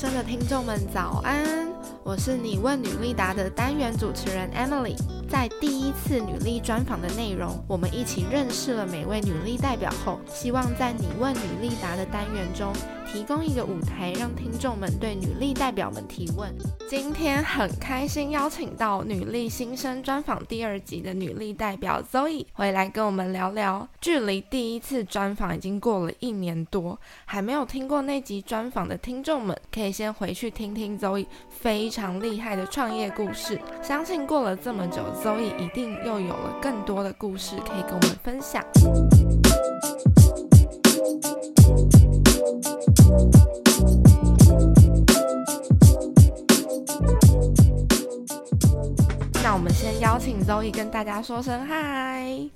親愛的聽眾們，早安！我是妳問女力答的單元主持人 Emily。在第一次女力專訪的內容，我們一起認識了每位女力代表後，希望在“你問女力答”的單元中，提供一個舞台，讓聽眾們對女力代表們提問。今天很開心邀請到女力心聲專訪第二集的女力代表 Zoey 回來跟我們聊聊。距離第一次專訪已經過了一年多，還沒有聽過那集專訪的聽眾們，可以先回去聽聽 Zoey 非常厲害的創業故事。相信過了這麼久。Zoey 一定又有了更多的故事可以跟我們分享。 那我們先邀請 Zoey 跟大家說聲嗨。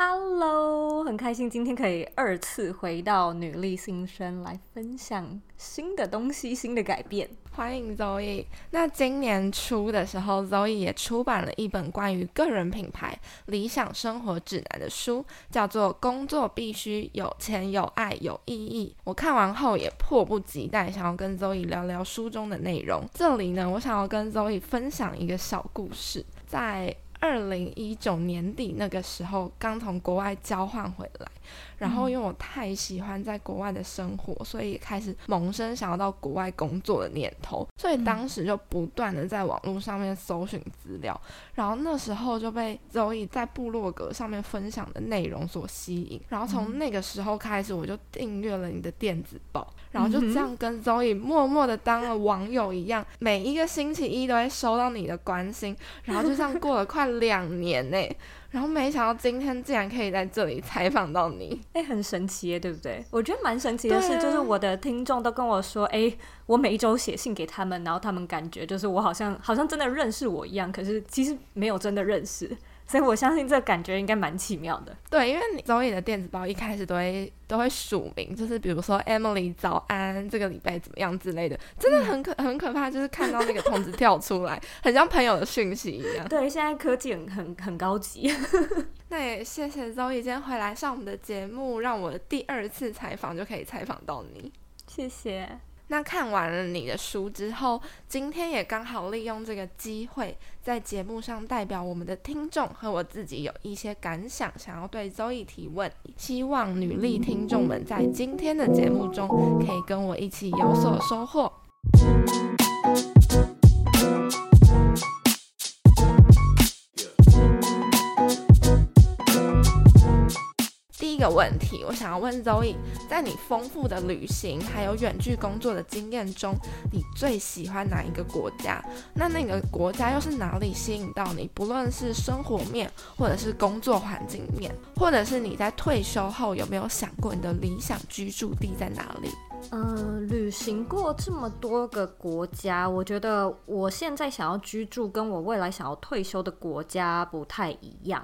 Hello，很開心今天可以二次回到女力心聲來分享新的東西、新的改變。歡迎 Zoey。那今年初的時候，Zoey 也出版了一本關於個人品牌、理想生活指南的書，叫做《工作必須有錢、有愛、有意義》。我看完後也迫不及待想要跟 Zoey 聊聊書中的內容。這裡呢，我想要跟 Zoey 分享一個小故事，在。二零一九年底那個時候，剛從國外交換回來，然後因為我太喜歡在國外的生活、嗯，所以開始萌生想要到國外工作的念頭，所以當時就不斷的在網絡上面搜尋資料、嗯，然後那時候就被 Zoey 在部落格上面分享的內容所吸引，然後從那個時候開始，我就訂閱了你的電子報，嗯、然後就這樣跟 Zoey 默默的當了網友一樣，每一個星期一都會收到你的關心，然後就像過了快。 兩年呢、欸，然後沒想到今天竟然可以在這裡採訪到你，哎、欸，很神奇耶、欸，對不對？我覺得蠻神奇的是、啊，就是我的聽眾都跟我說，哎、欸，我每一周寫信給他們，然後他們感覺就是我好像好像真的認識我一樣，可是其實沒有真的認識。所以我相信這個感覺應該蠻奇妙的。對，因為你 Zoey 的電子報一開始都會都會署名，就是比如說 Emily 早安，這個禮拜怎麼樣之類的，真的很可、嗯、很可怕，就是看到那個通知跳出來， 很像朋友的訊息一樣。對，現在科技很很，很高級。那 也謝謝 Zoey 今天回來上我們的節目，讓我第二次採訪就可以採訪到你。謝謝。那看完了你的書之後，今天也剛好利用這個機會，在節目上代表我們的聽眾和我自己有一些感想，想要對 Zoey 提問。希望女力聽眾們在今天的節目中，可以跟我一起有所收穫。問題，我想要問 Zoey，在你豐富的旅行還有遠距工作的經驗中，你最喜歡哪一個國家？那那個國家又是哪裡吸引到你？不論是生活面，或者是工作環境面，或者是你在退休後有沒有想過你的理想居住地在哪裡？嗯、呃，旅行過這麼多個國家，我覺得我現在想要居住跟我未來想要退休的國家不太一樣。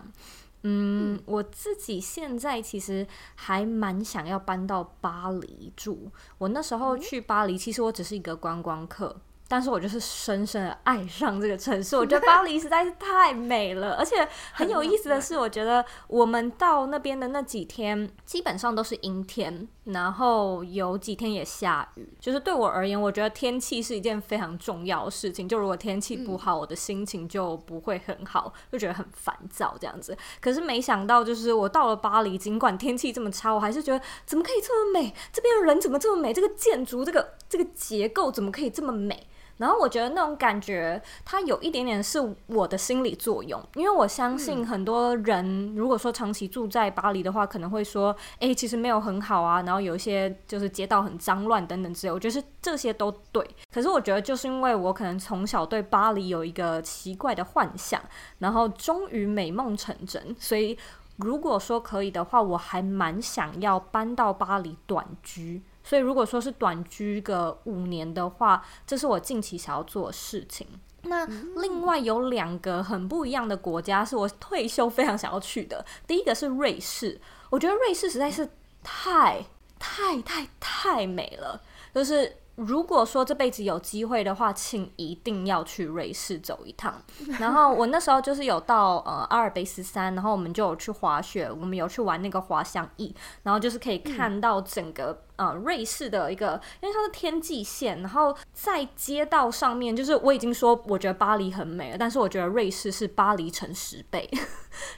嗯，我自己現在其實還蠻想要搬到巴黎住。我那時候去巴黎，其實我只是一個觀光客。但是我就是深深的愛上這個城市，我覺得巴黎實在是太美了， 而且很有意思的是，我覺得我們到那邊的那幾天基本上都是陰天，然後有幾天也下雨。就是對我而言，我覺得天氣是一件非常重要的事情。就如果天氣不好，嗯，我的心情就不會很好，就覺得很煩躁這樣子。可是沒想到，就是我到了巴黎，儘管天氣這麼差，我還是覺得怎麼可以這麼美？這邊的人怎麼這麼美？這個建築，這個這個結構怎麼可以這麼美？然後我覺得那種感覺，它有一點點是我的心理作用，因為我相信很多人，如果說長期住在巴黎的話，可能會說，哎、嗯，其實沒有很好啊。然後有一些就是街道很髒亂等等之類的，我覺得是這些都對。可是我覺得就是因為我可能從小對巴黎有一個奇怪的幻想，然後終於美夢成真，所以如果說可以的話，我還蠻想要搬到巴黎短居。所以如果說是短居個五年的話，這是我近期想要做的事情。那另外有兩個很不一樣的國家是我退休非常想要去的。第一個是瑞士，我覺得瑞士實在是太太太太美了。就是如果說這輩子有機會的話，請一定要去瑞士走一趟。 然後我那時候就是有到呃阿爾卑斯山，然後我們就有去滑雪，我們有去玩那個滑翔翼，然後就是可以看到整個。呃，瑞士的一個，因為它是天際線，然後在街道上面，就是我已經說，我覺得巴黎很美了，但是我覺得瑞士是巴黎城十倍，呵呵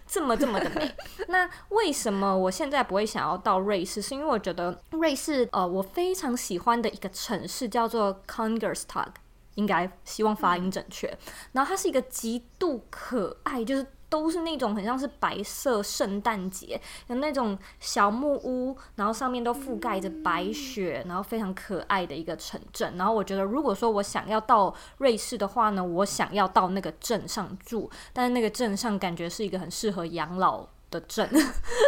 這麼這麼的美。 那為什麼我現在不會想要到瑞士？是因為我覺得瑞士，呃，我非常喜歡的一個城市叫做 Kandersteg，應該希望發音準確、嗯。然後它是一個極度可愛，就是。都是那種很像是白色聖誕節，有那種小木屋，然後上面都覆蓋着白雪，然後非常可愛的一個城鎮。然後我覺得，如果說我想要到瑞士的話呢，我想要到那個鎮上住，但是那個鎮上感覺是一個很適合養老的證，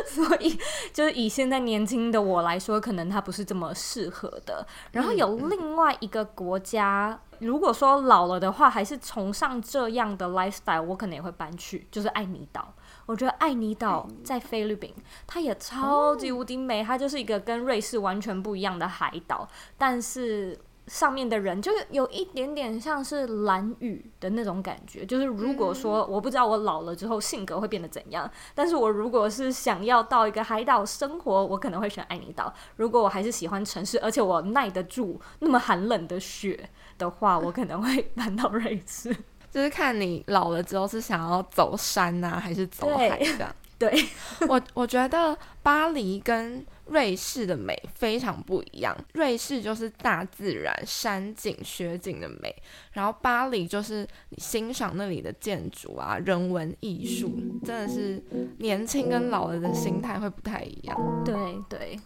所以就是以現在年輕的我來說，可能它不是這麼適合的。然後有另外一個國家、嗯嗯，如果說老了的話，還是崇尚這樣的 lifestyle，我可能也會搬去，就是愛妮島。我覺得愛妮島在菲律賓、嗯，它也超級無敵美，它就是一個跟瑞士完全不一樣的海島，但是。上面的人就是有一點點像是蘭嶼的那種感覺，就是如果說我不知道我老了之後性格會變得怎樣，但是我如果是想要到一個海島生活，我可能會選愛妮島；如果我還是喜歡城市，而且我耐得住那麼寒冷的雪的話，我可能會搬到瑞士。就是看你老了之後是想要走山吶、啊，還是走海這樣。對 我，我覺得巴黎跟瑞士的美非常不一樣。瑞士就是大自然山景雪景的美，然後巴黎就是你欣賞那裡的建築啊、人文藝術。嗯，真的是年輕跟老了的、的心態會不太一樣。對對。對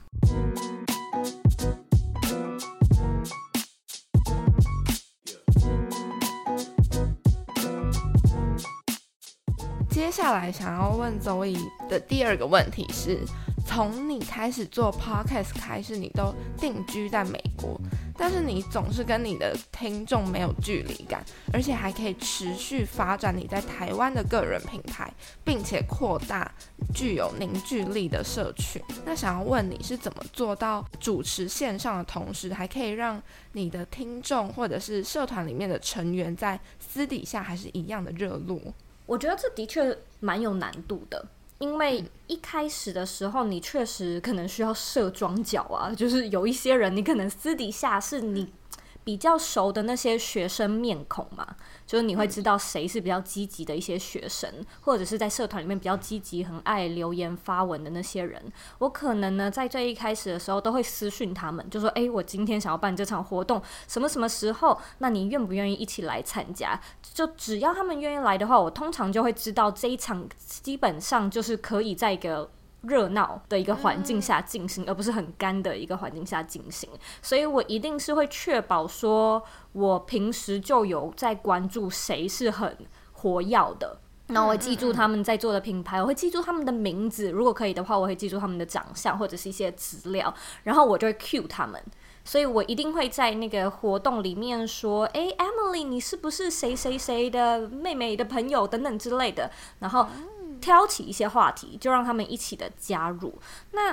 接下來想要問 Zoey 的第二個問題是：從你開始做 podcast 開始，你都定居在美國，但是你總是跟你的聽眾沒有距離感，而且還可以持續發展你在台灣的個人平台，並且擴大具有凝聚力的社群。那想要問你是怎麼做到主持線上的同時，還可以讓你的聽眾或者是社團裡面的成員在私底下還是一樣的熱絡？我覺得這的確蠻有難度的，因為一開始的時候，你確實可能需要設裝角啊，就是有一些人，你可能私底下是你。比較熟的那些學生面孔嘛，就是你會知道誰是比較積極的一些學生，嗯、或者是在社團裡面比較積極、很愛留言發文的那些人。我可能呢，在最一開始的時候都會私訊他們，就說：“哎、欸，我今天想要辦這場活動，什麼什麼時候？那你願不願意一起來參加？”就只要他們願意來的話，我通常就會知道這一場基本上就是可以在一個。熱鬧的一個環境下進行，嗯，而不是很乾的一個環境下進行，所以我一定是會確保說，我平時就有在關注誰是很活躍的，嗯，那我會記住他們在做的品牌，我會記住他們的名字，如果可以的話，我會記住他們的長相或者是一些資料，然後我就會 cue 他們，所以我一定會在那個活動裡面說，哎、欸，Emily，你是不是誰誰誰的妹妹的朋友等等之類的，然後。嗯挑起一些話題，就讓他們一起的加入。那，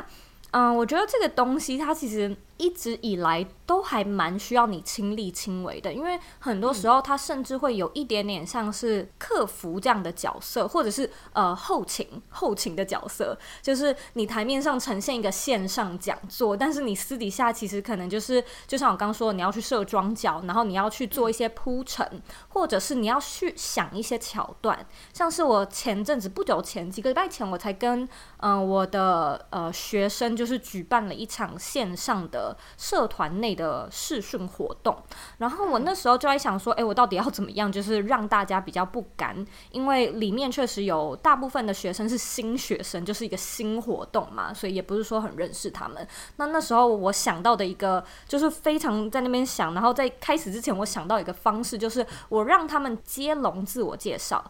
嗯，呃，我覺得這個東西它其實。一直以來都還蠻需要你親力親為的，因為很多時候他甚至會有一點點像是客服這樣的角色，嗯、或者是呃後勤後勤的角色，就是你台面上呈現一個線上講座，但是你私底下其實可能就是，就像我剛剛說的，你要去設裝腳，然後你要去做一些鋪陳、嗯，或者是你要去想一些橋段，像是我前陣子不久前幾個禮拜前，我才跟嗯、呃、我的呃學生就是舉辦了一場線上的。社團內的視訊活動，然後我那時候就在想說，哎、欸，我到底要怎麼樣，就是讓大家比較不敢。因為裡面確實有大部分的學生是新學生，就是一個新活動嘛，所以也不是說很認識他們。那那時候我想到的一個，就是非常在那邊想，然後在開始之前，我想到一個方式，就是我讓他們接龍自我介紹，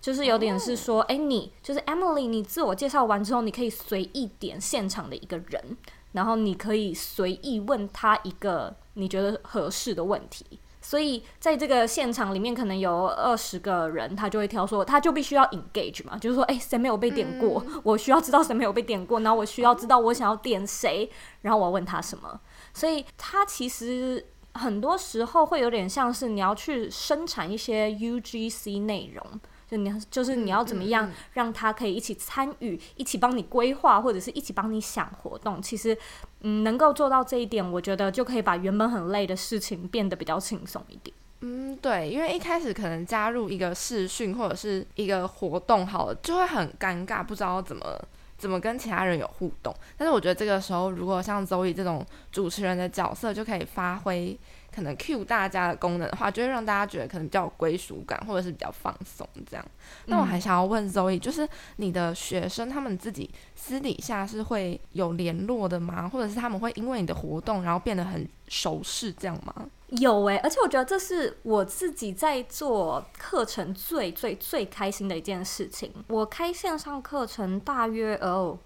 就是有點是說，哎、欸，你就是 Emily，你自我介紹完之後，你可以隨意點現場的一個人。然後你可以隨意問他一個你覺得合適的問題，所以在這個現場裡面，可能有二十個人，他就會挑說，他就必須要 engage 嘛，就是說，欸，誰沒有被點過？嗯。我需要知道誰沒有被點過，然後我需要知道我想要點誰，然後我問他什麼。所以他其實很多時候會有點像是你要去生產一些 UGC 內容。就你要就是你要怎麼樣讓他可以一起參與、嗯嗯，一起幫你規劃，或者是一起幫你想活動。其實，嗯，能夠做到這一點，我覺得就可以把原本很累的事情變得比較輕鬆一點。嗯，對，因為一開始可能加入一個視訊或者是一個活動好了，就會很尷尬，不知道怎麼怎麼跟其他人有互動。但是我覺得這個時候，如果像 Zoey 這種主持人的角色就可以發揮。可能 Q 大家的功能的話，就會讓大家覺得可能比較有歸屬感，或者是比較放鬆這樣。那我還想要問 Zoe，、嗯、就是你的學生他們自己私底下是會有聯絡的嗎？或者是他們會因為你的活動然後變得很熟悉這樣嗎？有哎、欸，而且我覺得這是我自己在做課程最最最最開心的一件事情。我開線上課程大約哦。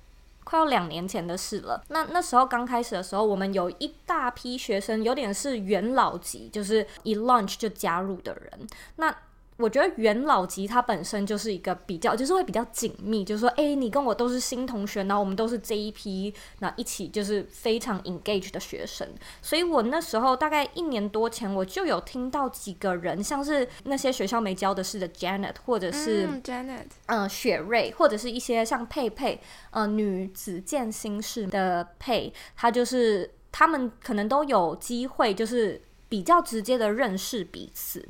快要兩年前的事了。那那時候剛開始的時候，我們有一大批學生，有點是元老級，就是一 launch 就加入的人。那我覺得元老級他本身就是一個比較，就是會比較緊密，就是說，哎，你跟我都是新同學，然後我們都是這一批，那一起就是非常 engage 的學生。所以，我那時候大概一年多前，我就有聽到幾個人，像是那些學校沒教的事的 Janet，或者是嗯 Janet，嗯、呃，雪瑞，或者是一些像佩佩，呃，女子健心室的佩，他就是他們可能都有機會，就是比較直接的認識彼此。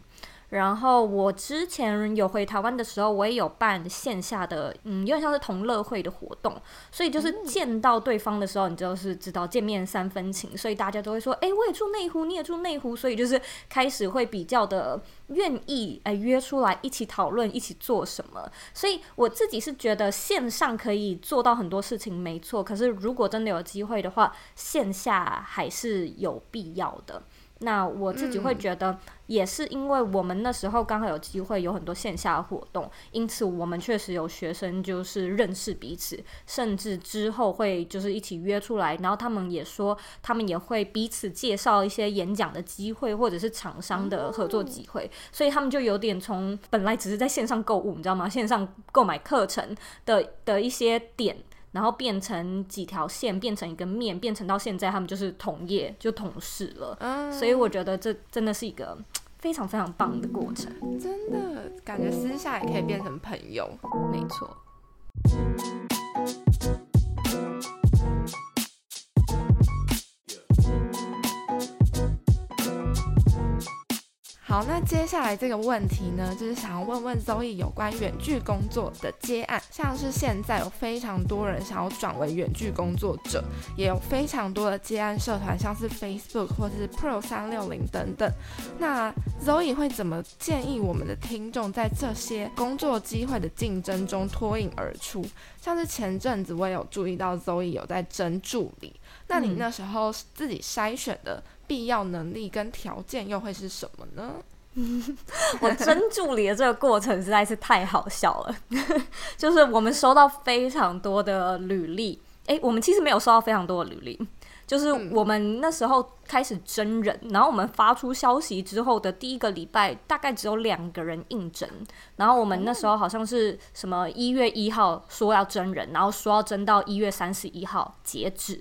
然後我之前有回台灣的時候，我也有辦線下的，嗯，有點像是同樂會的活動，所以就是見到對方的時候，你就是知道見面三分情，嗯、所以大家都會說，誒、欸，我也住內湖，你也住內湖，所以就是開始會比較的願意，誒、呃，約出來一起討論，一起做什麼。所以我自己是覺得線上可以做到很多事情，沒錯。可是如果真的有機會的話，線下還是有必要的。那我自己會覺得，也是因為我們那時候剛好有機會有很多線下活動，嗯，因此我們確實有學生就是認識彼此，甚至之後會就是一起約出來，然後他們也說他們也會彼此介紹一些演講的機會或者是廠商的合作機會，嗯，所以他們就有點從本來只是在線上購物，你知道嗎？線上購買課程的的一些點。然後變成幾條線，變成一個面，變成到現在，他們就是同業就同事了。嗯，所以我覺得這真的是一個非常非常棒的過程。真的，感覺私下也可以變成朋友，沒錯。好，那接下來這個問題呢，就是想要問問 Zoe 有關遠距工作的接案，像是現在有非常多人想要轉為遠距工作者，也有非常多的接案社團，像是 Facebook 或是 Pro 三六零等等。那 Zoe 會怎麼建議我們的聽眾在這些工作機會的競爭中脫穎而出？像是前陣子我也有注意到 Zoe 有在爭助理，那你那時候自己篩選的必要能力跟條件又會是什麼呢？ 我徵助理的這個過程實在是太好笑了。 就是我們收到非常多的履歷，哎、欸，我們其實沒有收到非常多的履歷。就是我們那時候開始徵人、嗯，然後我們發出消息之後的第一個禮拜，大概只有兩個人應徵。然後我們那時候好像是什麼一月一號說要徵人，然後說要徵到一月三十一號截止。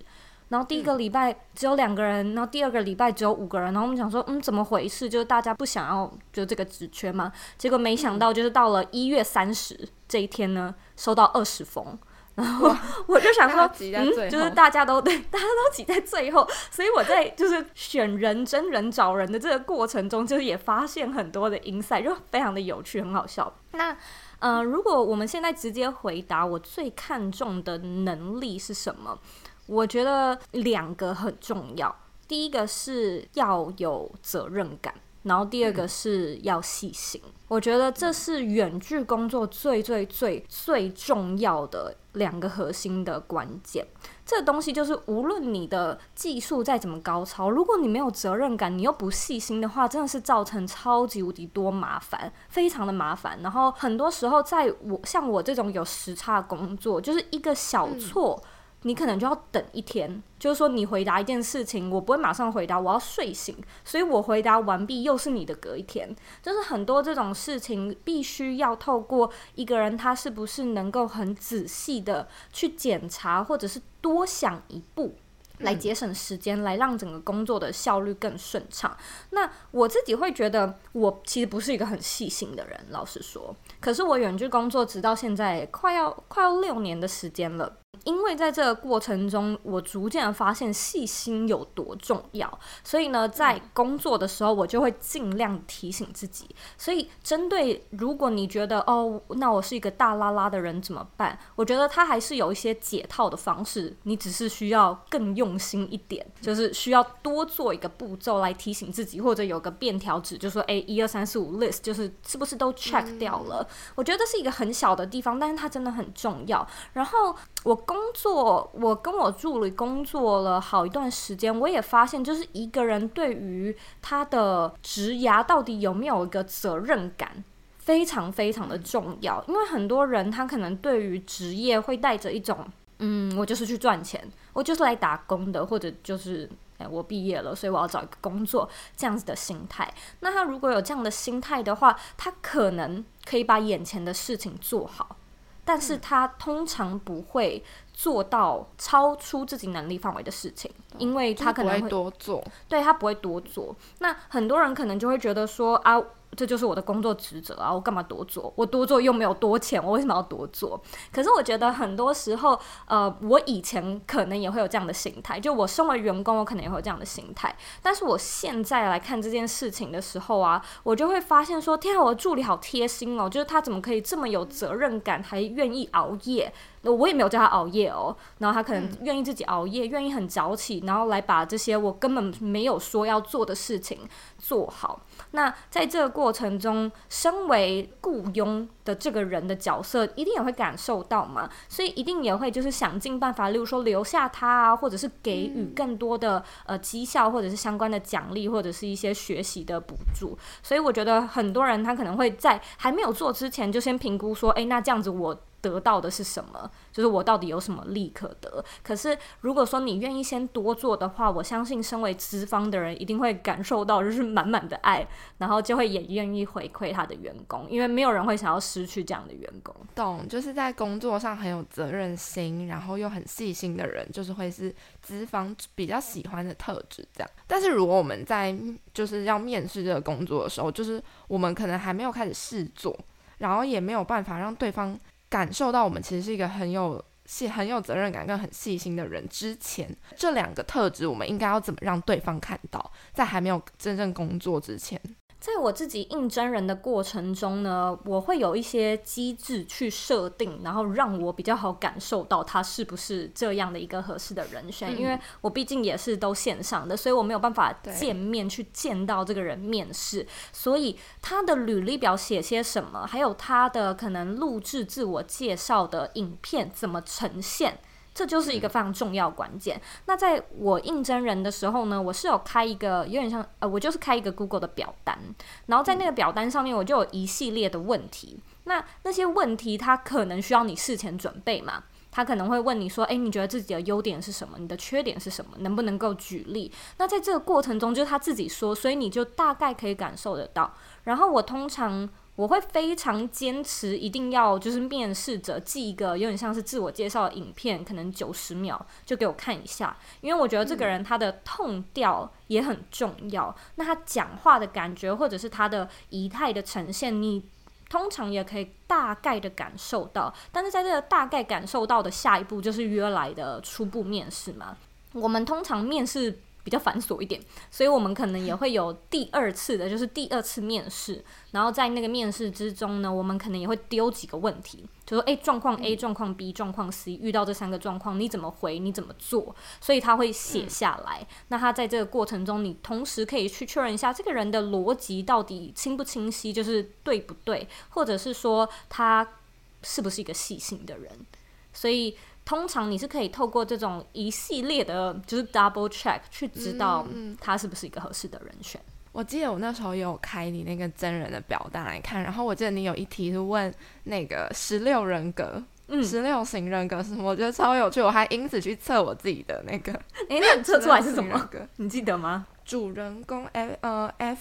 然後第一個禮拜只有兩個人、嗯，然後第二個禮拜只有五個人，然後我們想說，嗯，怎麼回事？就是大家不想要就這個職缺嘛？結果沒想到，就是到了一月三十這一天呢，收到二十封，然後我就想說，擠在最後，嗯，就是大家都對，大家都擠在最後，所以我在就是選人、真人找人的這個過程中，就是也發現很多的 insight，就非常的有趣，很好笑。那，嗯、呃，如果我們現在直接回答，我最看重的能力是什麼？我覺得兩個很重要，第一個是要有責任感，然後第二個是要細心。嗯、我覺得這是遠距工作最，最最最最重要的兩個核心的關鍵。嗯、這個東西就是，無論你的技術再怎麼高超，如果你沒有責任感，你又不細心的話，真的是造成超級無敵多麻煩，非常的麻煩。然後很多時候，在我像我這種有時差工作，就是一個小錯。嗯你可能就要等一天，就是說你回答一件事情，我不會馬上回答，我要睡醒，所以我回答完畢又是你的隔一天。就是很多這種事情，必須要透過一個人他是不是能夠很仔細的去檢查，或者是多想一步，來節省時間，嗯，來讓整個工作的效率更順暢。那我自己會覺得，我其實不是一個很細心的人，老實說。可是我遠距工作直到現在快要快要六年的時間了。因為在這個過程中，我逐漸發現細心有多重要，所以呢，在工作的時候，我就會盡量提醒自己。所以，針對如果你覺得哦，那我是一個大剌剌的人怎麼辦？我覺得他還是有一些解套的方式，你只是需要更用心一點，就是需要多做一個步驟來提醒自己，嗯、或者有個便條紙，就說誒，一二三四五 list，就是是不是都 check 掉了、嗯？我覺得是一個很小的地方，但是它真的很重要。然後我。工作，我跟我助理工作了好一段時間，我也發現，就是一個人對於他的職涯到底有沒有一個責任感，非常非常的重要。因為很多人他可能對於職業會帶着一種，嗯，我就是去賺錢，我就是來打工的，或者就是，哎，我畢業了，所以我要找一個工作這樣子的心態。那他如果有這樣的心態的話，他可能可以把眼前的事情做好。但是他通常不會做到超出自己能力範圍的事情，嗯，因為他可能會他會多做，對，他不會多做。那很多人可能就會覺得說，啊。這就是我的工作職責啊！我幹嘛多做？我多做又沒有多錢，我為什麼要多做？可是我覺得很多時候，呃，我以前可能也會有這樣的心態，就我身為員工，我可能也會有這樣的心態。但是我現在來看這件事情的時候啊，我就會發現說：天啊，我的助理好貼心哦！就是他怎麼可以這麼有責任感，還願意熬夜？那我也沒有叫他熬夜哦。然後他可能願意自己熬夜，願意、嗯、很早起，然後來把這些我根本沒有說要做的事情做好。那在這個過程中，身為雇傭的這個人的角色，一定也會感受到嘛，所以一定也會就是想盡辦法，例如說留下他啊，或者是給予更多的呃績效，或者是相關的獎勵，或者是一些學習的補助。所以我覺得很多人他可能會在還沒有做之前就先評估說，欸，那這樣子我。得到的是什麼？就是我到底有什麼利可得？可是如果說你願意先多做的話，我相信身為資方的人一定會感受到，就是滿滿的愛，然後就會也願意回饋他的員工，因為沒有人會想要失去這樣的員工。懂，就是在工作上很有責任心，然後又很細心的人，就是會是資方比較喜歡的特質這樣。但是如果我們在就是要面試這個工作的時候，就是我們可能還沒有開始試做，然後也沒有辦法讓對方。感受到我們其實是一個很有細、很有責任感跟很細心的人。之前這兩個特質，我們應該要怎麼讓對方看到？在還沒有真正工作之前。在我自己應徵人的過程中呢，我會有一些機製去設定，然後讓我比較好感受到他是不是這樣的一個合適的人選。嗯，因為我畢竟也是都線上的，所以我沒有辦法見面去見到這個人面試，所以他的履歷表寫些什麼，還有他的可能錄制自我介紹的影片怎麼呈現。這就是一個非常重要關鍵。那在我應徵人的時候呢，我是有開一個有點像，呃，我就是開一個 Google 的表單，然後在那個表單上面我就有一系列的問題。那那些問題他可能需要你事前準備嘛，他可能會問你說，誒，你覺得自己的優點是什麼？你的缺點是什麼？能不能夠舉例？那在這個過程中，就是他自己說，所以你就大概可以感受得到。然後我通常。我會非常堅持，一定要就是面試者寄一個有點像是自我介紹的影片，可能九十秒就給我看一下，因為我覺得這個人他的 tone 調也很重要，嗯，那他講話的感覺或者是他的儀態的呈現，你通常也可以大概的感受到。但是在這個大概感受到的下一步就是約來的初步面試嘛，我們通常面試。比較繁瑣一點，所以我們可能也會有第二次的，就是第二次面試。然後在那個面試之中呢，我們可能也會丟幾個問題，就說：誒、欸，狀況 A、狀況 B、狀況 C，遇到這三個狀況，你怎麼回？你怎麼做？所以他會寫下來。嗯。那他在這個過程中，你同時可以去確認一下這個人的邏輯到底清不清晰，就是對不對，或者是說他是不是一個細心的人。所以。通常你是可以透過這種一系列的，就是 double check 去知道他是不是一個合適的人選。嗯嗯。我記得我那時候也有開你那個真人的表單來看，然後我記得你有一題是問那個十六人格，嗯、十六型人格是什麼，我覺得超有趣，我還因此去測我自己的那個。欸、那你那測出來是什麼？你記得嗎？主人公 F 呃 F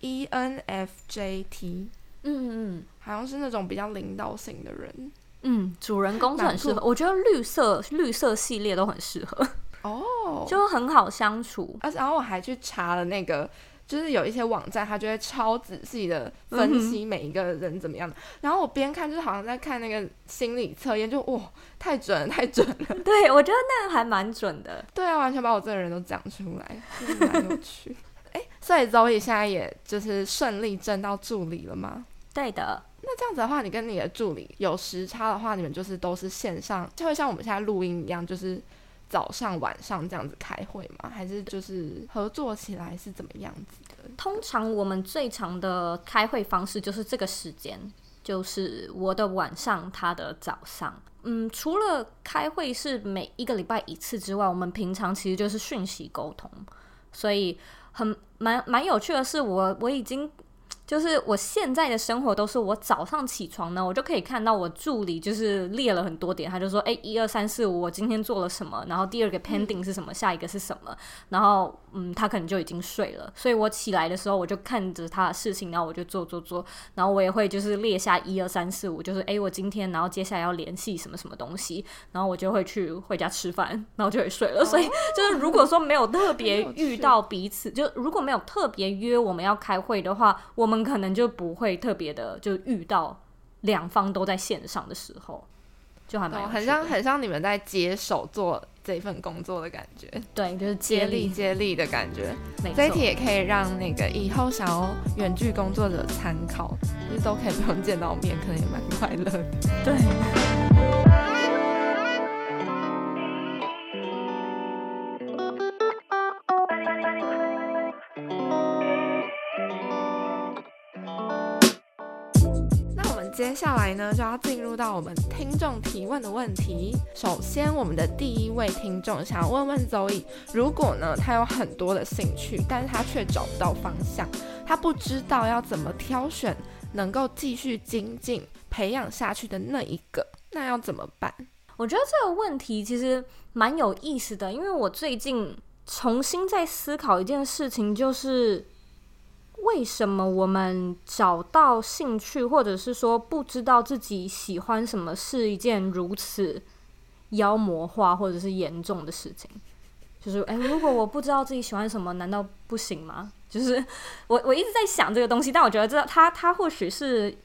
E N F J T，嗯嗯嗯，好像是那種比較領導型的人。嗯，主人公是很適合，我覺得綠色綠色系列都很適合哦，就很好相處。而且然後我還去查了那個，就是有一些網站，它就會超仔細的分析每一個人怎麼樣的、嗯。然後我邊看，就好像在看那個心理測驗，就哇，太準了，太準了。對，我覺得那個還蠻準的。對啊，完全把我這個人都講出來，蠻有趣。哎、 欸，Zoey 現在也就是順利徵到助理了嗎？對的。這樣子的話，你跟你的助理有時差的話，你們就是都是線上，就會像我們現在錄音一樣，就是早上、晚上這樣子開會嗎？還是就是合作起來是怎麼樣子的？通常我們最常的開會方式就是這個時間，就是我的晚上，他的早上。嗯，除了開會是每一個禮拜一次之外，我們平常其實就是訊息溝通。所以很蠻蠻有趣的是我，我我已經。就是我現在的生活都是我早上起床呢，我就可以看到我助理就是列了很多點，他就說：“誒、欸，一二三四五，我今天做了什麼？然後第二個 pending 是什麼？嗯、下一個是什麼？”然後。嗯，他可能就已經睡了，所以我起來的時候，我就看着他的事情，然後我就做做做，然後我也會就是列下一二三四五，就是哎，我今天然後接下來要聯繫什麼什麼東西，然後我就會去回家吃飯，然後就會睡了。哦、所以就是如果說沒有特別遇到彼此，就如果沒有特別約我們要開會的話，我們可能就不會特別的就遇到兩方都在線上的時候，就還蠻好、哦、很像很像你們在接手做。這份工作的感覺，對，就是接力接力，接力的感覺。這一題也可以讓那個以後想要遠距工作者參考，就是都可以不用見到面，可能也蠻快樂的。對。接下來呢，就要進入到我們聽眾提問的問題。首先，我們的第一位聽眾想要問問 Zoey：如果呢，他有很多的興趣，但是他卻找不到方向，他不知道要怎麼挑選能夠繼續精進、培養下去的那一個，那要怎麼辦？我覺得這個問題其實蠻有意思的，因為我最近重新在思考一件事情，就是。為什麼我們找到興趣，或者是說不知道自己喜歡什麼，是一件如此妖魔化或者是嚴重的事情？就是，哎、欸，如果我不知道自己喜歡什麼， 難道不行嗎？就是我，我我一直在想這個東西，但我覺得這，這他他或許是。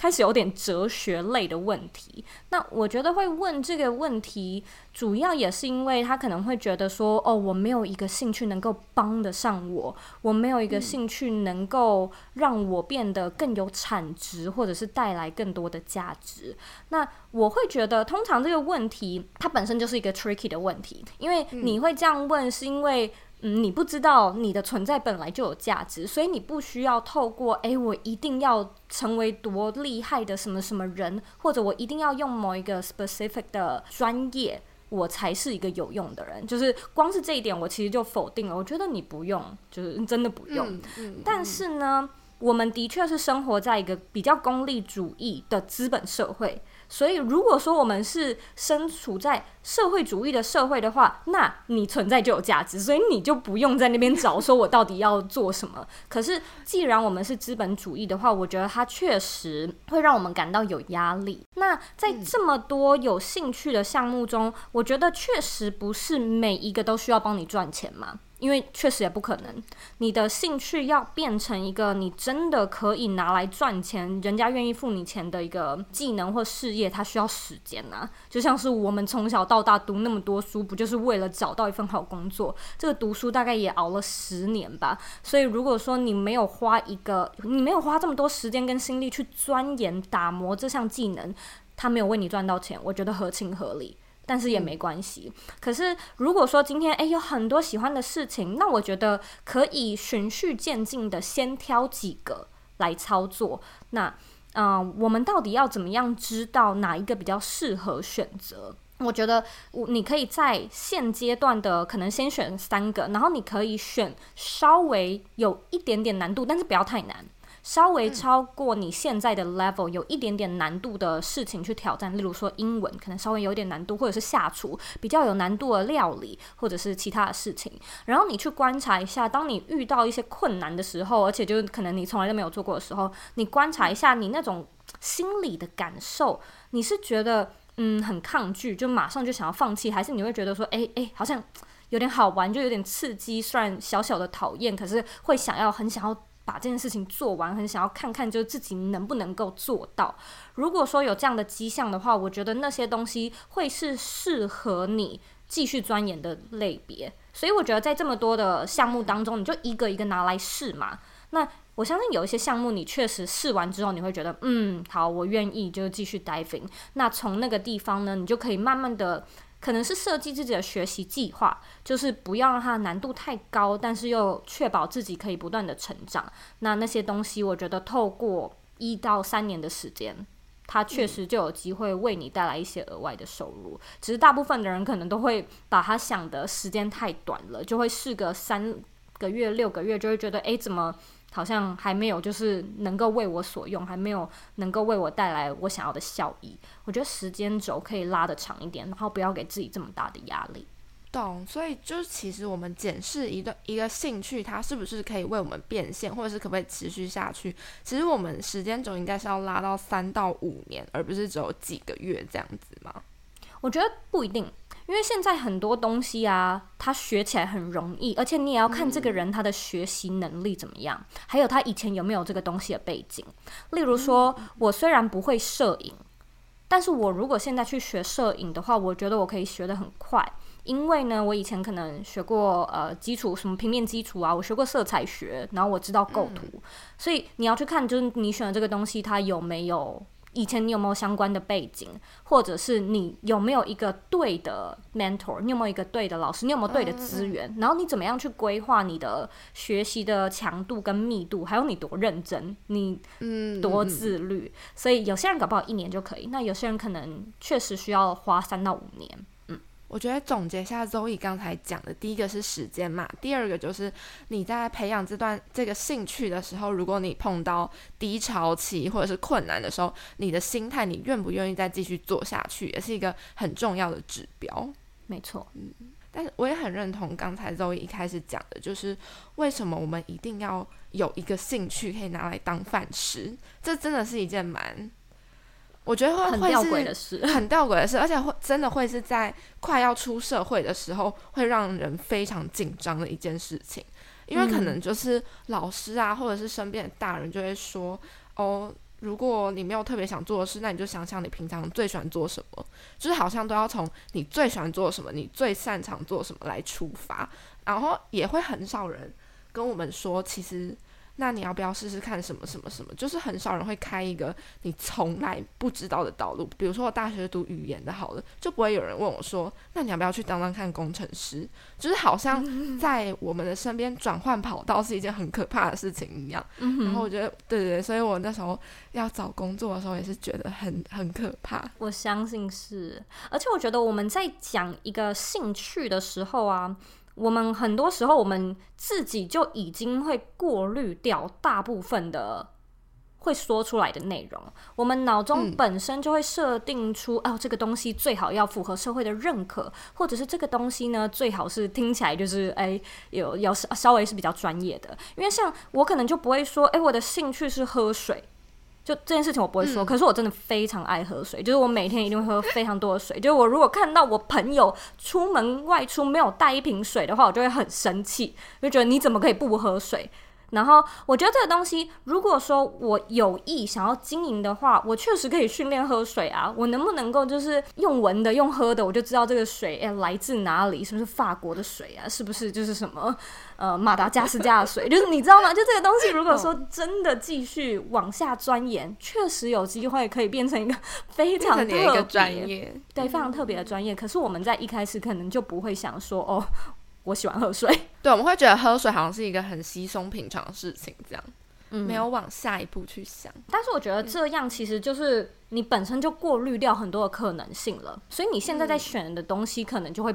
開始有點哲學類的問題，那我覺得會問這個問題，主要也是因為他可能會覺得說，哦，我沒有一個興趣能夠幫得上我，我沒有一個興趣能夠讓我變得更有產值，或者是帶來更多的價值。那我會覺得，通常這個問題它本身就是一個 tricky 的問題，因為你會這樣問是因為。嗯，你不知道你的存在本來就有價值，所以你不需要透過誒、欸，我一定要成為多厲害的什麼什麼人，或者我一定要用某一個 specific 的專業，我才是一個有用的人。就是光是這一點，我其實就否定了。我覺得你不用，就是真的不用。嗯嗯、但是呢，我們的確是生活在一個比較功利主義的資本社會。所以，如果說我們是身處在社會主義的社會的話，那你存在就有價值，所以你就不用在那邊找，說我到底要做什麼。 可是，既然我們是資本主義的話，我覺得它確實會讓我們感到有壓力。那在這麼多有興趣的項目中，我覺得確實不是每一個都需要幫你賺錢嘛。因為確實也不可能，你的興趣要變成一個你真的可以拿來賺錢，人家願意付你錢的一個技能或事業，它需要時間啊。就像是我們從小到大讀那麼多書，不就是為了找到一份好工作？這個讀書大概也熬了十年吧。所以如果說你沒有花一個，你沒有花這麼多時間跟心力去鑽研打磨這項技能，它沒有為你賺到錢，我覺得合情合理。但是也沒關係。可是如果說今天誒、欸、有很多喜歡的事情，那我覺得可以循序漸進的先挑幾個來操作。那嗯、呃，我們到底要怎麼樣知道哪一個比較適合選擇？我覺得我你可以在現階段的可能先選三個，然後你可以選稍微有一點點難度，但是不要太難。稍微超過你現在的 level、嗯、有一點點難度的事情去挑戰，例如說英文可能稍微有點難度，或者是下廚比較有難度的料理，或者是其他的事情。然後你去觀察一下，當你遇到一些困難的時候，而且就是可能你從來都沒有做過的時候，你觀察一下你那種心理的感受，你是覺得，嗯，很抗拒，就馬上就想要放棄，還是你會覺得說哎哎、欸欸、好像有點好玩，就有點刺激，雖然小小的討厭，可是會想要很想要。把這件事情做完，很想要看看，就是自己能不能夠做到。如果說有這樣的跡象的話，我覺得那些東西會是適合你繼續鑽研的類別。所以我覺得在這麼多的項目當中，你就一個一個拿來試嘛。那我相信有一些項目你確實試完之後，你會覺得，嗯，好，我願意就繼續 diving。那從那個地方呢，你就可以慢慢的。可能是設計自己的學習計劃，就是不要讓它難度太高，但是又確保自己可以不斷的成長。那那些東西，我覺得透過一到三年的時間，它確實就有機會為你帶來一些額外的收入。嗯。只是大部分的人可能都會把它想的時間太短了，就會試個三個月、六個月，就會覺得哎、欸，怎麼？好像還沒有，就是能夠為我所用，還沒有能夠為我帶來我想要的效益。我覺得時間軸可以拉得長一點，然後不要給自己這麼大的壓力。懂，所以就其實我們檢視一個一個興趣，它是不是可以為我們變現，或者是可不可以持續下去？其實我們時間軸應該是要拉到三到五年，而不是只有幾個月這樣子嗎？我覺得不一定。因為現在很多東西啊，他學起來很容易，而且你也要看這個人他的學習能力怎麼樣，嗯，還有他以前有沒有這個東西的背景。例如說，我雖然不會攝影，但是我如果現在去學攝影的話，我覺得我可以學得很快，因為呢，我以前可能學過呃基礎什麼平面基礎啊，我學過色彩學，然後我知道構圖。嗯，所以你要去看就是你選的這個東西它有沒有。以前你有沒有相關的背景，或者是你有沒有一個對的 mentor，你有沒有一個對的老師，你有沒有對的資源？嗯嗯。然後你怎麼樣去規劃你的學習的強度跟密度，還有你多認真，你嗯，多自律？嗯嗯。所以有些人搞不好一年就可以，那有些人可能確實需要花三到五年。我覺得總結一下 Zoey 剛才講的，第一個是時間嘛，第二個就是你在培養這段這個興趣的時候，如果你碰到低潮期或者是困難的時候，你的心態，你願不願意再繼續做下去，也是一個很重要的指標。沒錯，嗯，但是我也很認同剛才 Zoey 一開始講的，就是為什麼我們一定要有一個興趣可以拿來當飯吃，這真的是一件蠻。我覺得會會是很吊詭的事，很吊詭的事，而且會真的會是在快要出社會的時候，會讓人非常緊張的一件事情。因為可能就是老師啊，或者是身邊的大人就會說、嗯：“哦，如果你沒有特別想做的事，那你就想想你平常最喜歡做什麼。”就是好像都要從你最喜歡做什麼、你最擅長做什麼來出發，然後也會很少人跟我們說，其實。那你要不要試試看什麼什麼什麼？就是很少人會開一個你從來不知道的道路。比如說我大學讀語言的，好了就不會有人問我說：“那你要不要去當當看工程師？”就是好像在我們的身邊轉換跑道是一件很可怕的事情一樣。嗯、然後我覺得，對對對，所以我那時候要找工作的時候也是覺得很很可怕。我相信是，而且我覺得我們在講一個興趣的時候啊。我們很多時候，我們自己就已經會過濾掉大部分的會說出來的內容。我們腦中本身就會設定出，嗯，哦，這個東西最好要符合社會的認可，或者是這個東西呢，最好是聽起來就是，哎、欸，有要稍微是比較專業的。因為像我可能就不會說，哎、欸，我的興趣是喝水。就這件事情我不會說、嗯，可是我真的非常愛喝水，就是我每天一定會喝非常多的水。就是我如果看到我朋友出門外出沒有帶一瓶水的話，我就會很生氣，就覺得你怎麼可以不喝水？然後我覺得這個東西，如果說我有意想要經營的話，我確實可以訓練喝水啊。我能不能夠就是用聞的、用喝的，我就知道這個水哎來自哪裡？是不是法國的水啊？是不是就是什麼呃馬達加斯加的水？ 就是你知道嗎？就這個東西，如果說真的繼續往下鑽研、 哦，確實有機會可以變成一個非常特別的專業，對，非常特別的專業、嗯。可是我們在一開始可能就不會想說哦。我喜歡喝水。對，我們會覺得喝水好像是一個很稀鬆平常的事情，這樣、嗯嗯，沒有往下一步去想。但是我覺得這樣其實就是你本身就過濾掉很多的可能性了，所以你現在在選的東西可能就會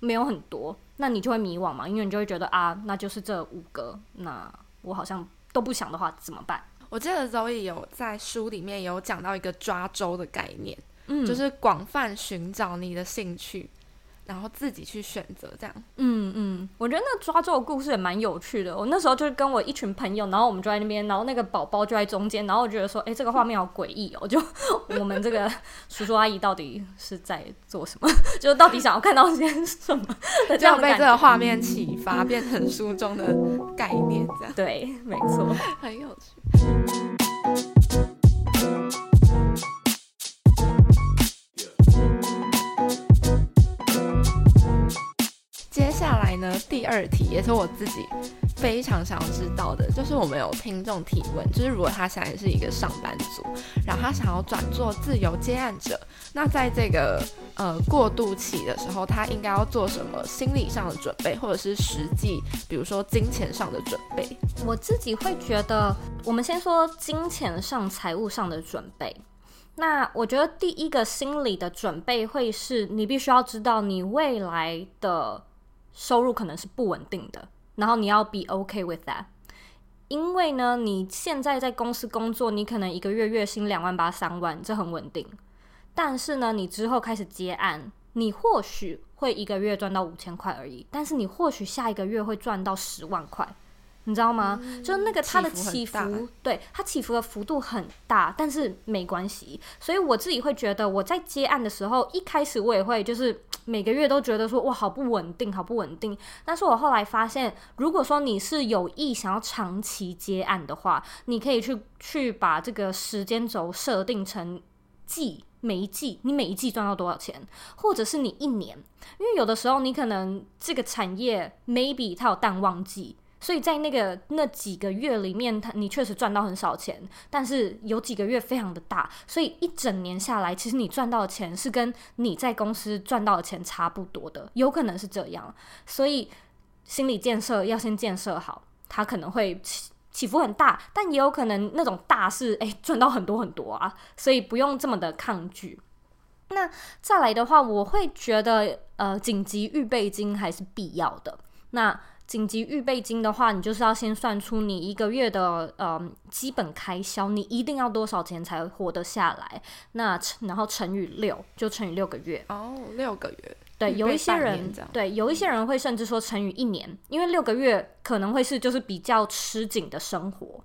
沒有很多，嗯、那你就會迷惘嘛，因為你就會覺得啊，那就是這五個，那我好像都不想的話怎麼辦？我記得 Zoey 有在書裡面有講到一個抓周的概念，嗯，就是廣泛尋找你的興趣。然後自己去選擇這樣。嗯嗯，我覺得那抓周的故事也蠻有趣的。我那時候就是跟我一群朋友，然後我們就在那邊，然後那個寶寶就在中間，然後我覺得說，哎，這個畫面好詭異哦！ 就我們這個叔叔阿姨到底是在做什麼？ 就到底想要看到些什麼？ 就這樣被這個畫面啟發， 變成書中的概念，這樣對，沒錯，很 有趣。那第二題也是我自己非常想要知道的，就是我們有聽眾提問，就是如果他現在是一個上班族，然後他想要轉做自由接案者，那在這個呃過渡期的時候，他應該要做什麼心理上的準備，或者是實際，比如說金錢上的準備？我自己會覺得，我們先說金錢上、財務上的準備。那我覺得第一個心理的準備會是你必須要知道你未來的。收入可能是不穩定的，然後你要 be okay with that，因為呢，你現在在公司工作，你可能一個月月薪兩萬八、三萬，這很穩定。但是呢，你之後開始接案，你或許會一個月賺到五千塊而已，但是你或許下一個月會賺到十萬塊。你知道嗎、嗯？就那個它的起伏，起伏很大欸、對，它起伏的幅度很大，但是沒關係。所以我自己會覺得，我在接案的時候，一開始我也會就是每個月都覺得說哇，好不穩定，好不穩定。但是我後來發現，如果說你是有意想要長期接案的話，你可以去去把這個時間軸設定成季，每一季你每一季賺到多少錢，或者是你一年，因為有的時候你可能這個產業 maybe 它有淡旺季。所以在那個那幾個月裡面，他你確實賺到很少錢，但是有幾個月非常的大，所以一整年下來，其實你賺到的錢是跟你在公司賺到的錢差不多的，有可能是這樣。所以心理建設要先建設好，它可能會起，起伏很大，但也有可能那種大是誒賺到很多很多啊，所以不用這麼的抗拒。那再來的話，我會覺得呃緊急預備金還是必要的。那緊急預備金的話，你就是要先算出你一個月的嗯基本開銷，你一定要多少錢才活得下來？那然後乘以六，就乘以六個月。哦，oh，六個月。對，有一些人對，有一些人會甚至說乘以一年，嗯，因為六個月可能會是就是比較吃緊的生活。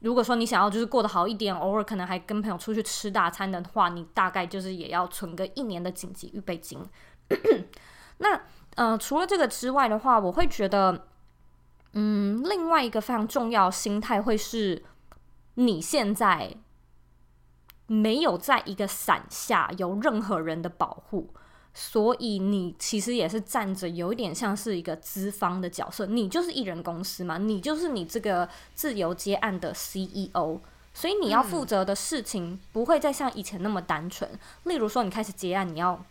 如果說你想要就是過得好一點，偶爾可能還跟朋友出去吃大餐的話，你大概就是也要存個一年的緊急預備金。 那。呃，除了這個之外的話，我會覺得，嗯，另外一個非常重要心態會是，你現在沒有在一個傘下有任何人的保護，所以你其實也是站着有一點像是一個資方的角色，你就是一人公司嘛，你就是你這個自由接案的 CEO，所以你要負責的事情不會再像以前那麼單純、嗯。例如說，你開始接案，你要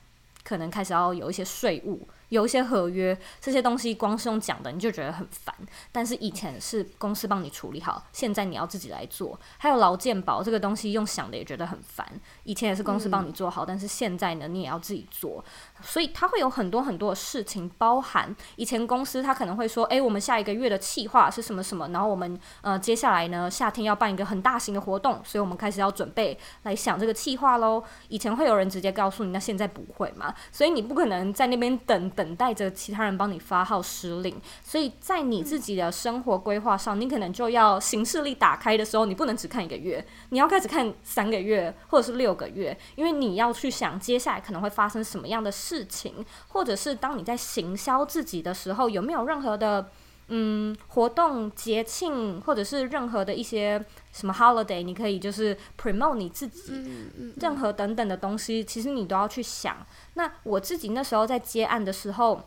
可能開始要有一些稅務。有一些合約，這些東西光是用講的你就覺得很煩。但是以前是公司幫你處理好，現在你要自己來做。還有勞健保這個東西，用想的也覺得很煩。以前也是公司幫你做好，但是現在呢，你也要自己做。嗯、所以他會有很多很多的事情包含。以前公司他可能會說：“哎、欸，我們下一個月的企劃是什麼什麼？”然後我們呃接下來呢，夏天要辦一個很大型的活動，所以我們開始要準備來想這個企劃嘍。以前會有人直接告訴你，那現在不會嘛？所以你不可能在那邊等等。等待着其他人幫你發號施令，所以在你自己的生活規劃上，嗯，你可能就要行事曆打開的時候，你不能只看一個月，你要開始看三個月或者是六個月，因為你要去想接下來可能會發生什麼樣的事情，或者是當你在行銷自己的時候，有沒有任何的。嗯，活動、節慶或者是任何的一些什麼 holiday，你可以就是 promote 你自己，嗯嗯嗯，任何等等的東西，其實你都要去想。那我自己那時候在接案的時候，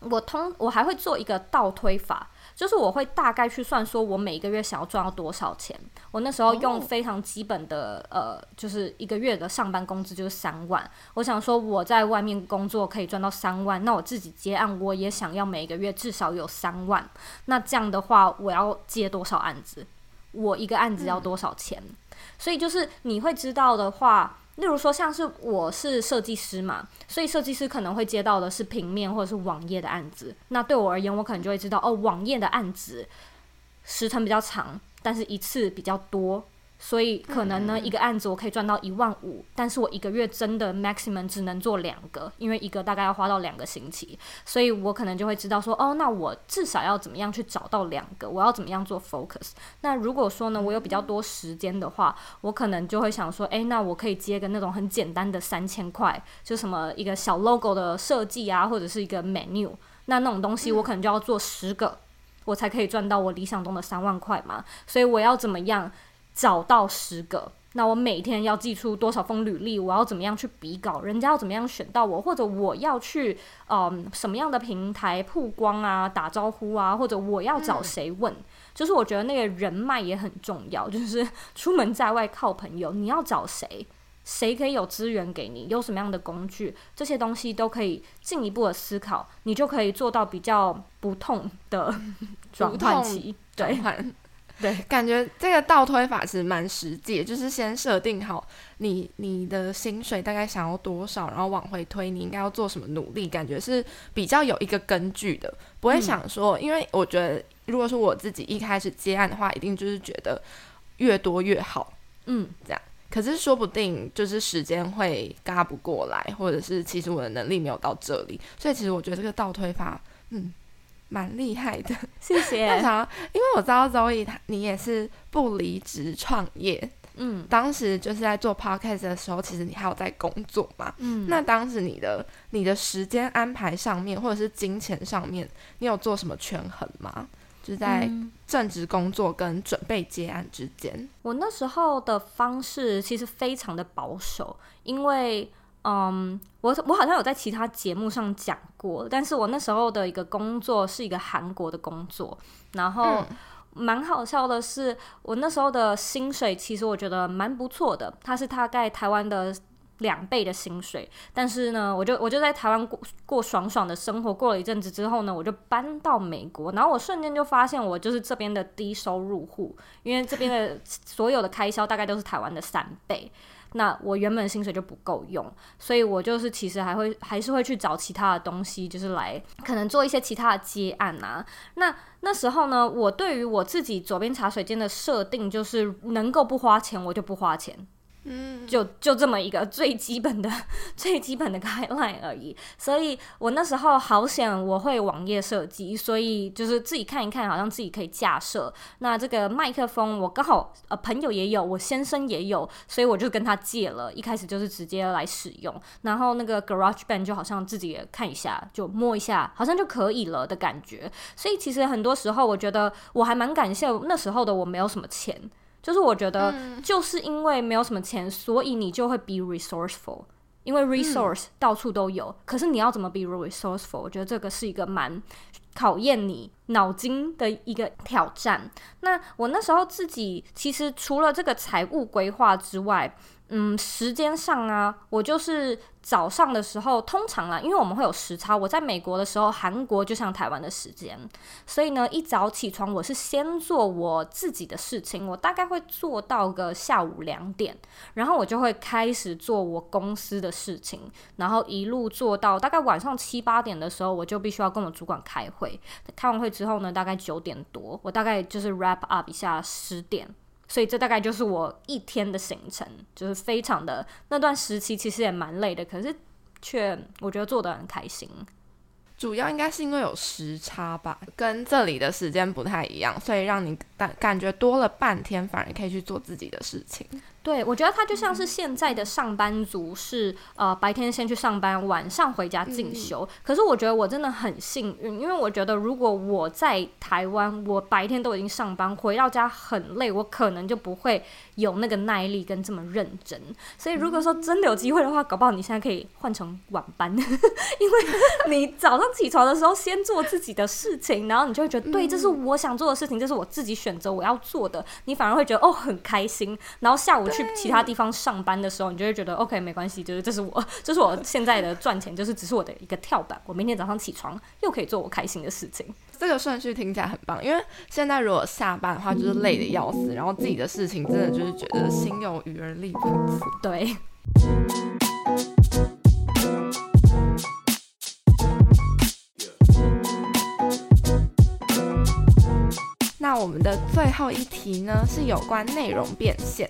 我通我還會做一個倒推法。就是我會大概去算，說我每個月想要賺到多少錢。我那時候用非常基本的，Oh. 呃，就是一個月的上班工資就是三萬。我想說我在外面工作可以賺到三萬，那我自己接案我也想要每個月至少有三萬。那這樣的話，我要接多少案子？我一個案子要多少錢？嗯，所以就是你會知道的話。例如說，像是我是設計師嘛，所以設計師可能會接到的是平面或者是網頁的案子。那對我而言，我可能就會知道哦，網頁的案子時長比較長，但是一次比較多。所以可能呢，嗯，一個案子我可以賺到一萬五，嗯，但是我一個月真的 maximum 只能做兩個，因為一個大概要花到兩個星期，所以我可能就會知道說，哦，那我至少要怎麼樣去找到兩個？我要怎麼樣做 focus？那如果說呢，我有比較多時間的話，嗯，我可能就會想說，哎，那我可以接個那種很簡單的三千塊，就什麼一個小 logo 的設計啊，或者是一個 menu，那那種東西我可能就要做十個，嗯，我才可以賺到我理想中的三萬塊嘛，所以我要怎麼樣？找到十個，那我每天要寄出多少封履歷？我要怎麼樣去比稿？人家要怎麼樣選到我？或者我要去嗯、呃、什麼樣的平台曝光啊？打招呼啊？或者我要找誰問、嗯？就是我覺得那個人脈也很重要，就是出門在外靠朋友。你要找誰？誰可以有資源給你？有什麼樣的工具？這些東西都可以進一步的思考，你就可以做到比較不痛的轉 換期。對。對，感覺這個倒推法其實蠻實際，就是先設定好你你的薪水大概想要多少，然後往回推你應該要做什麼努力，感覺是比較有一個根據的，不會想說，嗯、因為我覺得如果說我自己一開始接案的話，一定就是覺得越多越好，嗯，這樣。可是說不定就是時間會趕不過來，或者是其實我的能力沒有到這裡，所以其實我覺得這個倒推法，嗯。蠻厲害的，謝謝。那啥，因為我知道 Zoey，他，你也是不離職創業。嗯，當時就是在做 Podcast 的時候，其實你還有在工作嘛？嗯，那當時你的你的時間安排上面，或者是金錢上面，你有做什麼權衡嗎？就在正職工作跟準備接案之間。我那時候的方式其實非常的保守，因為。嗯、um，我我好像有在其他節目上講過，但是我那時候的一個工作是一個韓國的工作，然後蠻、嗯、好笑的是，我那時候的薪水其實我覺得蠻不錯的，它是大概台灣的兩倍的薪水，但是呢，我就我就在台灣過過爽爽的生活，過了一陣子之後呢，我就搬到美國，然後我瞬間就發現我就是這邊的低收入戶，因為這邊的所有的開銷大概都是台灣的三倍。 那我原本薪水就不夠用，所以我就是其實還會還是會去找其他的東西，就是來可能做一些其他的接案啊。那那時候呢，我對於我自己佐編茶水間的設定就是能夠不花錢，我就不花錢。嗯，就就這麼一個最基本的、最基本的概 u 而已。所以我那時候好想我會網頁設計，所以就是自己看一看，好像自己可以架設。那這個麥克風我剛好呃朋友也有，我先生也有，所以我就跟他借了。一開始就是直接來使用，然後那個 GarageBand 就好像自己也看一下，就摸一下，好像就可以了的感覺。所以其實很多時候我覺得我還蠻感謝那時候的我，沒有什麼錢。就是我覺得，就是因為沒有什麼錢，嗯，所以你就會 be resourceful，因為 resource 到處都有，嗯。可是你要怎麼 be resourceful？我覺得這個是一個蠻考驗你腦筋的一個挑戰。那我那時候自己其實除了這個財務規劃之外，嗯，時間上啊，我就是早上的時候，通常啊，因為我們會有時差，我在美國的時候，韓國就像台灣的時間，所以呢，一早起床我是先做我自己的事情，我大概會做到個下午兩點，然後我就會開始做我公司的事情，然後一路做到大概晚上七八點的時候，我就必須要跟我主管開會，開完會之後呢，大概九點多，我大概就是 wrap up 一下，十點。所以這大概就是我一天的行程，就是非常的那段時期其實也蠻累的，可是卻我覺得做得很開心。主要應該是因為有時差吧，跟這裡的時間不太一樣，所以讓你感感覺多了半天，反而可以去做自己的事情。對，我覺得他就像是現在的上班族是，是、嗯、呃、白天先去上班，晚上回家進修、嗯。可是我覺得我真的很幸運，因為我覺得如果我在台灣，我白天都已經上班，回到家很累，我可能就不會有那個耐力跟這麼認真。所以如果說真的有機會的話、嗯，搞不好你現在可以換成晚班， 因為你早上起床的時候先做自己的事情，然後你就會覺得、嗯、對，這是我想做的事情，這是我自己選擇我要做的，你反而會覺得哦很開心，然後下午。去其他地方上班的時候，你就會覺得 OK，沒關係，就是這是我，這是我現在的賺錢， 就是只是我的一個跳板。我明天早上起床又可以做我開心的事情。這個順序聽起來很棒，因為現在如果下班的話就是累得要死，嗯，然後自己的事情真的就是覺得心有餘而力不足。對。我們的最後一題呢，是有關內容變現，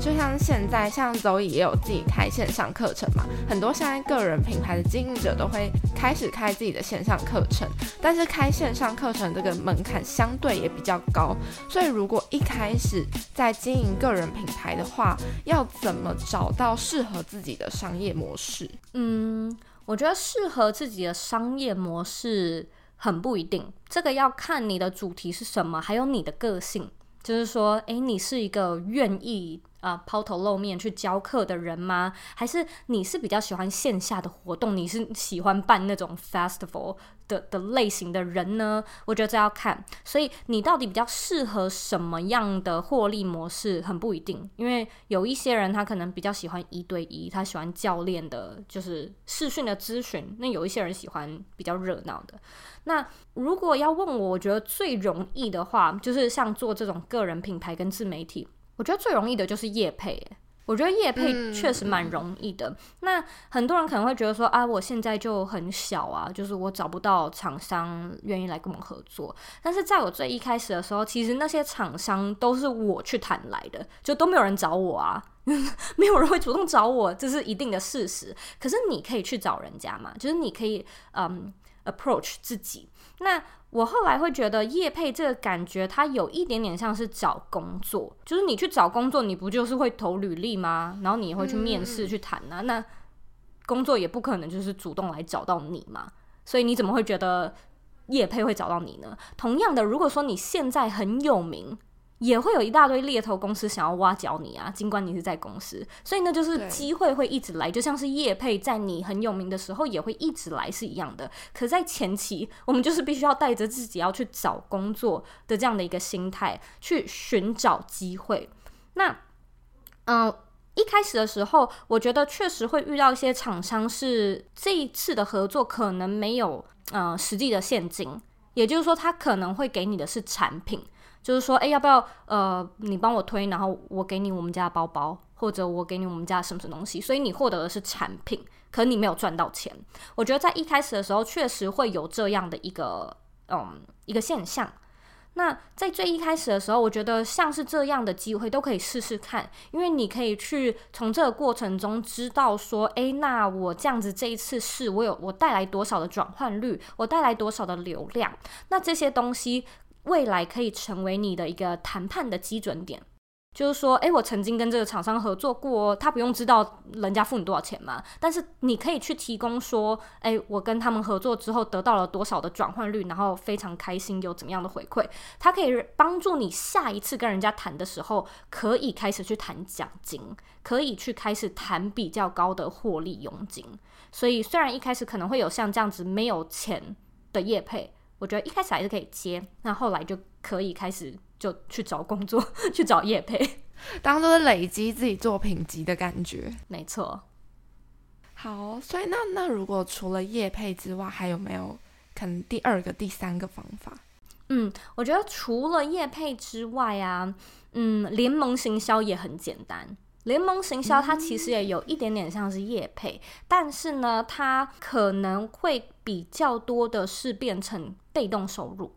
就像現在，像 Zoey 也有自己開線上課程嘛，很多現在個人品牌的經營者都會開始開自己的線上課程，但是開線上課程這個門檻相對也比較高，所以如果一開始在經營個人品牌的話，要怎麼找到適合自己的商業模式？嗯，我覺得適合自己的商業模式。很不一定，這個要看你的主題是什麼，還有你的個性，就是說，哎，你是一個願意。啊，拋頭露面去教課的人嗎？還是你是比較喜歡線下的活動？你是喜歡辦那種 festival 的的類型的人呢？我覺得這要看，所以你到底比較適合什麼樣的獲利模式，很不一定。因為有一些人他可能比較喜歡一對一，他喜歡教練的，就是視訊的諮詢。那有一些人喜歡比較熱鬧的。那如果要問我，我覺得最容易的話，就是像做這種個人品牌跟自媒體。我覺得最容易的就是業配，我覺得業配確實蠻容易的，嗯。那很多人可能會覺得說啊，我現在就很小啊，就是我找不到廠商願意來跟我們合作。但是在我最一開始的時候，其實那些廠商都是我去談來的，就都沒有人找我啊， 沒有人會主動找我，這是一定的事實。可是你可以去找人家嘛，就是你可以嗯。approach 自己，那我後來會覺得業配這個感覺，它有一點點像是找工作，就是你去找工作，你不就是會投履歷嗎？然後你也會去面試去談啊，那工作也不可能就是主動來找到你嘛，所以你怎麼會覺得業配會找到你呢？同樣的，如果說你現在很有名。也會有一大堆獵頭公司想要挖角你啊，儘管你是在公司，所以呢，就是機會會一直來，就像是業配，在你很有名的時候也會一直來是一樣的。可在前期，我們就是必須要帶着自己要去找工作的這樣的一個心態去尋找機會。那，嗯，一開始的時候，我覺得確實會遇到一些廠商是這一次的合作可能沒有嗯、呃、實際的現金，也就是說，他可能會給你的是產品。就是說，哎、欸，要不要？呃，你幫我推，然後我給你我們家的包包，或者我給你我們家什麼什麼東西。所以你獲得的是產品，可你沒有賺到錢。我覺得在一開始的時候，確實會有這樣的一個，嗯，一個現象。那在最一開始的時候，我覺得像是這樣的機會都可以試試看，因為你可以去從這個過程中知道說，哎、欸，那我這樣子這一次試，我有，我帶來多少的轉換率，我帶來多少的流量，那這些東西。未來可以成為你的一個談判的基準點，就是說，欸，我曾經跟這個廠商合作過，他不用知道人家付你多少錢嘛，但是你可以去提供說，欸，我跟他們合作之後得到了多少的轉換率，然後非常開心，有怎麼樣的回饋，他可以幫助你下一次跟人家談的時候，可以開始去談獎金，可以去開始談比較高的獲利佣金。所以雖然一開始可能會有像這樣子沒有錢的業配。我覺得一開始還是可以接，那後來就可以開始就去找工作，去找業配，當做累積自己作品集的感覺。沒錯。好，所以那那如果除了業配之外，還有沒有可能第二個、第三個方法？嗯，我覺得除了業配之外啊，嗯，聯盟行銷也很簡單。聯盟行銷，它其實也有一點點像是業配、嗯，但是呢，它可能會比較多的是變成被動收入。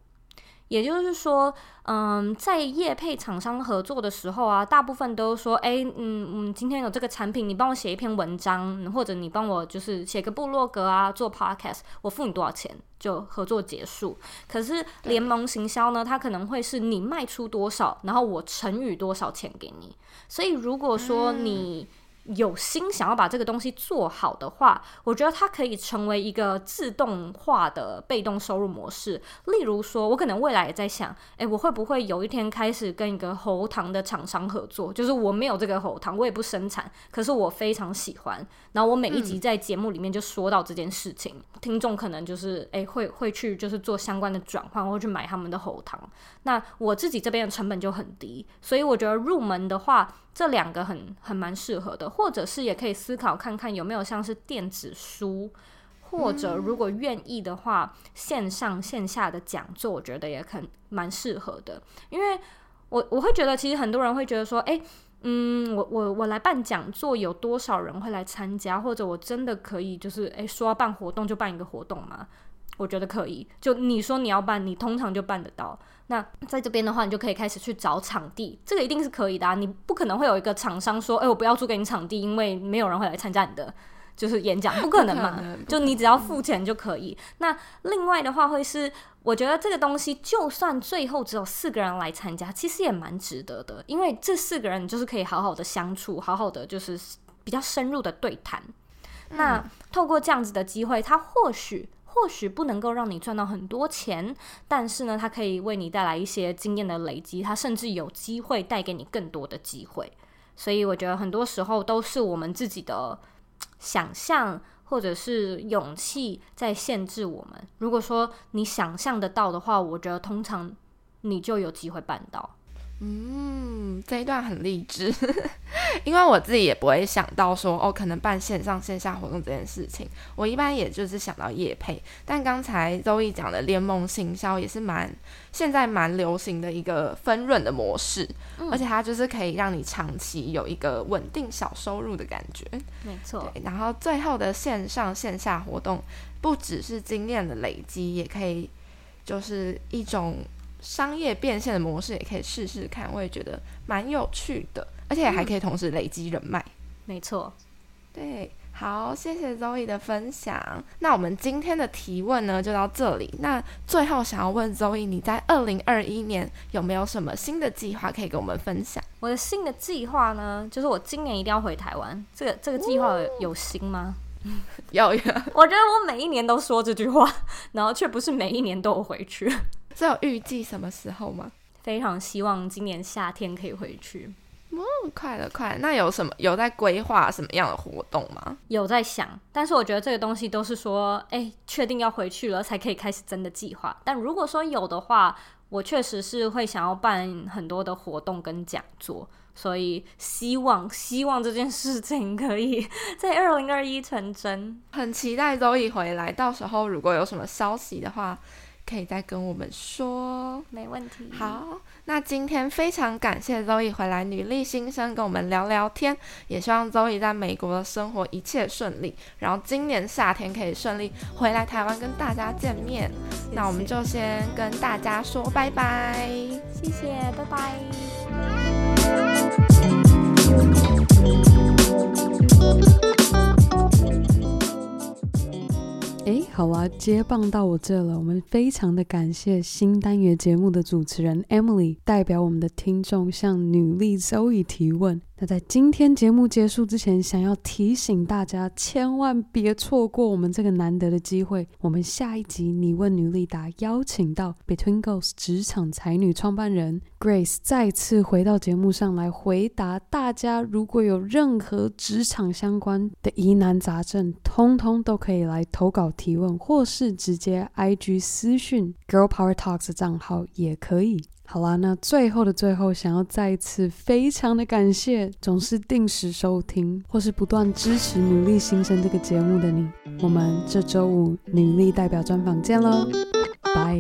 也就是說，嗯，在業配廠商合作的時候啊，大部分都說，哎、欸，嗯嗯，今天有這個產品，你幫我寫一篇文章，或者你幫我就是寫個部落格啊，做 podcast，我付你多少錢就合作結束。可是聯盟行銷呢，他可能會是你賣出多少，然後我承諾多少錢給你。所以如果說你，嗯有心想要把這個東西做好的話，我覺得它可以成為一個自動化的被動收入模式。例如說，我可能未來也在想，誒、欸，我會不會有一天開始跟一個喉糖的廠商合作？就是我沒有這個喉糖，我也不生產，可是我非常喜歡。然後我每一集在節目裡面就說到這件事情，嗯、聽眾可能就是誒、欸，會會去就是做相關的轉換，或去買他們的喉糖。那我自己這邊的成本就很低，所以我覺得入門的話，這兩個很很蠻適合的。或者是也可以思考看看有沒有像是電子書，嗯、或者如果願意的話，線上線下的講座，我覺得也很蠻適合的。因為我我會覺得，其實很多人會覺得說，誒、欸、嗯，我我我來辦講座，有多少人會來參加？或者我真的可以就是，誒、欸、說要辦活動就辦一個活動嗎？我覺得可以，就你說你要辦，你通常就辦得到。那在這邊的話，你就可以開始去找場地，這個一定是可以的、啊。你不可能會有一個廠商說：“哎、欸，我不要租給你場地，因為沒有人會來參加你的就是演講，不可能嘛。不可能，不可能”就你只要付錢就可以。嗯、那另外的話，會是我覺得這個東西，就算最後只有四個人來參加，其實也蠻值得的，因為這四個人就是可以好好的相處，好好的就是比較深入的對談、嗯。那透過這樣子的機會，他或許。或許不能夠讓你賺到很多錢，但是呢，它可以為你帶來一些經驗的累積，它甚至有機會帶給你更多的機會。所以我覺得很多時候都是我們自己的想象或者是勇氣在限制我們。如果說你想象得到的話，我覺得通常你就有機會辦到。嗯，這一段很勵志呵呵，因為我自己也不會想到說哦，可能辦線上線下活動這件事情，我一般也就是想到業配。但剛才 Zoey 講的聯盟行銷也是蠻現在蠻流行的一個分潤的模式、嗯，而且它就是可以讓你長期有一個穩定小收入的感覺。沒錯。然後最後的線上線下活動不只是經驗的累積，也可以就是一種。商業變現的模式也可以試試看，我也覺得蠻有趣的，而且還可以同時累積人脈、嗯。沒錯，對，好，謝謝 Zoey 的分享。那我們今天的提問呢，就到這裡。那最後想要問 Zoey，你在二零二一年有沒有什麼新的計劃可以跟我們分享？我的新的計劃呢，就是我今年一定要回台灣。這個這個計劃有新嗎？哦、 有呀。我覺得我每一年都說這句話，然後卻不是每一年都有回去。是有預計什麼時候嗎？非常希望今年夏天可以回去。嗯、哦，快了快了，那有什麼有在規劃什麼樣的活動嗎？有在想，但是我覺得這個東西都是說，哎，確定要回去了才可以開始真的計劃。但如果說有的話，我確實是會想要辦很多的活動跟講座，所以希望希望這件事情可以在二零二一成真。很期待 Zoey 回來，到時候如果有什麼消息的話，可以再跟我們說，沒問題。好，那今天非常感謝 Zoey 回來，女力心聲跟我們聊聊天，也希望 Zoey 在美國的生活一切順利，然後今年夏天可以順利回來台灣跟大家見面。謝謝。那我們就先跟大家說拜拜，謝謝，拜拜。 誒，好啦，接棒到我這了。我們非常的感謝新單元節目的主持人 Emily，代表我們的聽眾向女力 Zoey 提問。那在今天節目結束之前，想要提醒大家，千萬別錯過我們這個難得的機會。我們下一集《你問女力答》邀請到 BetweenGos 職場才女創辦人 Grace 再次回到節目上來回答大家。如果有任何職場相關的疑難雜症，通通都可以來投稿提問，或是直接 IG 私訊 Girl Power Talks 的賬號也可以。好啦，那最後的最後，想要再一次非常的感謝，總是定時收聽或是不斷支持女力心聲這個節目的你，我們這周五女力代表專訪見嘍，拜。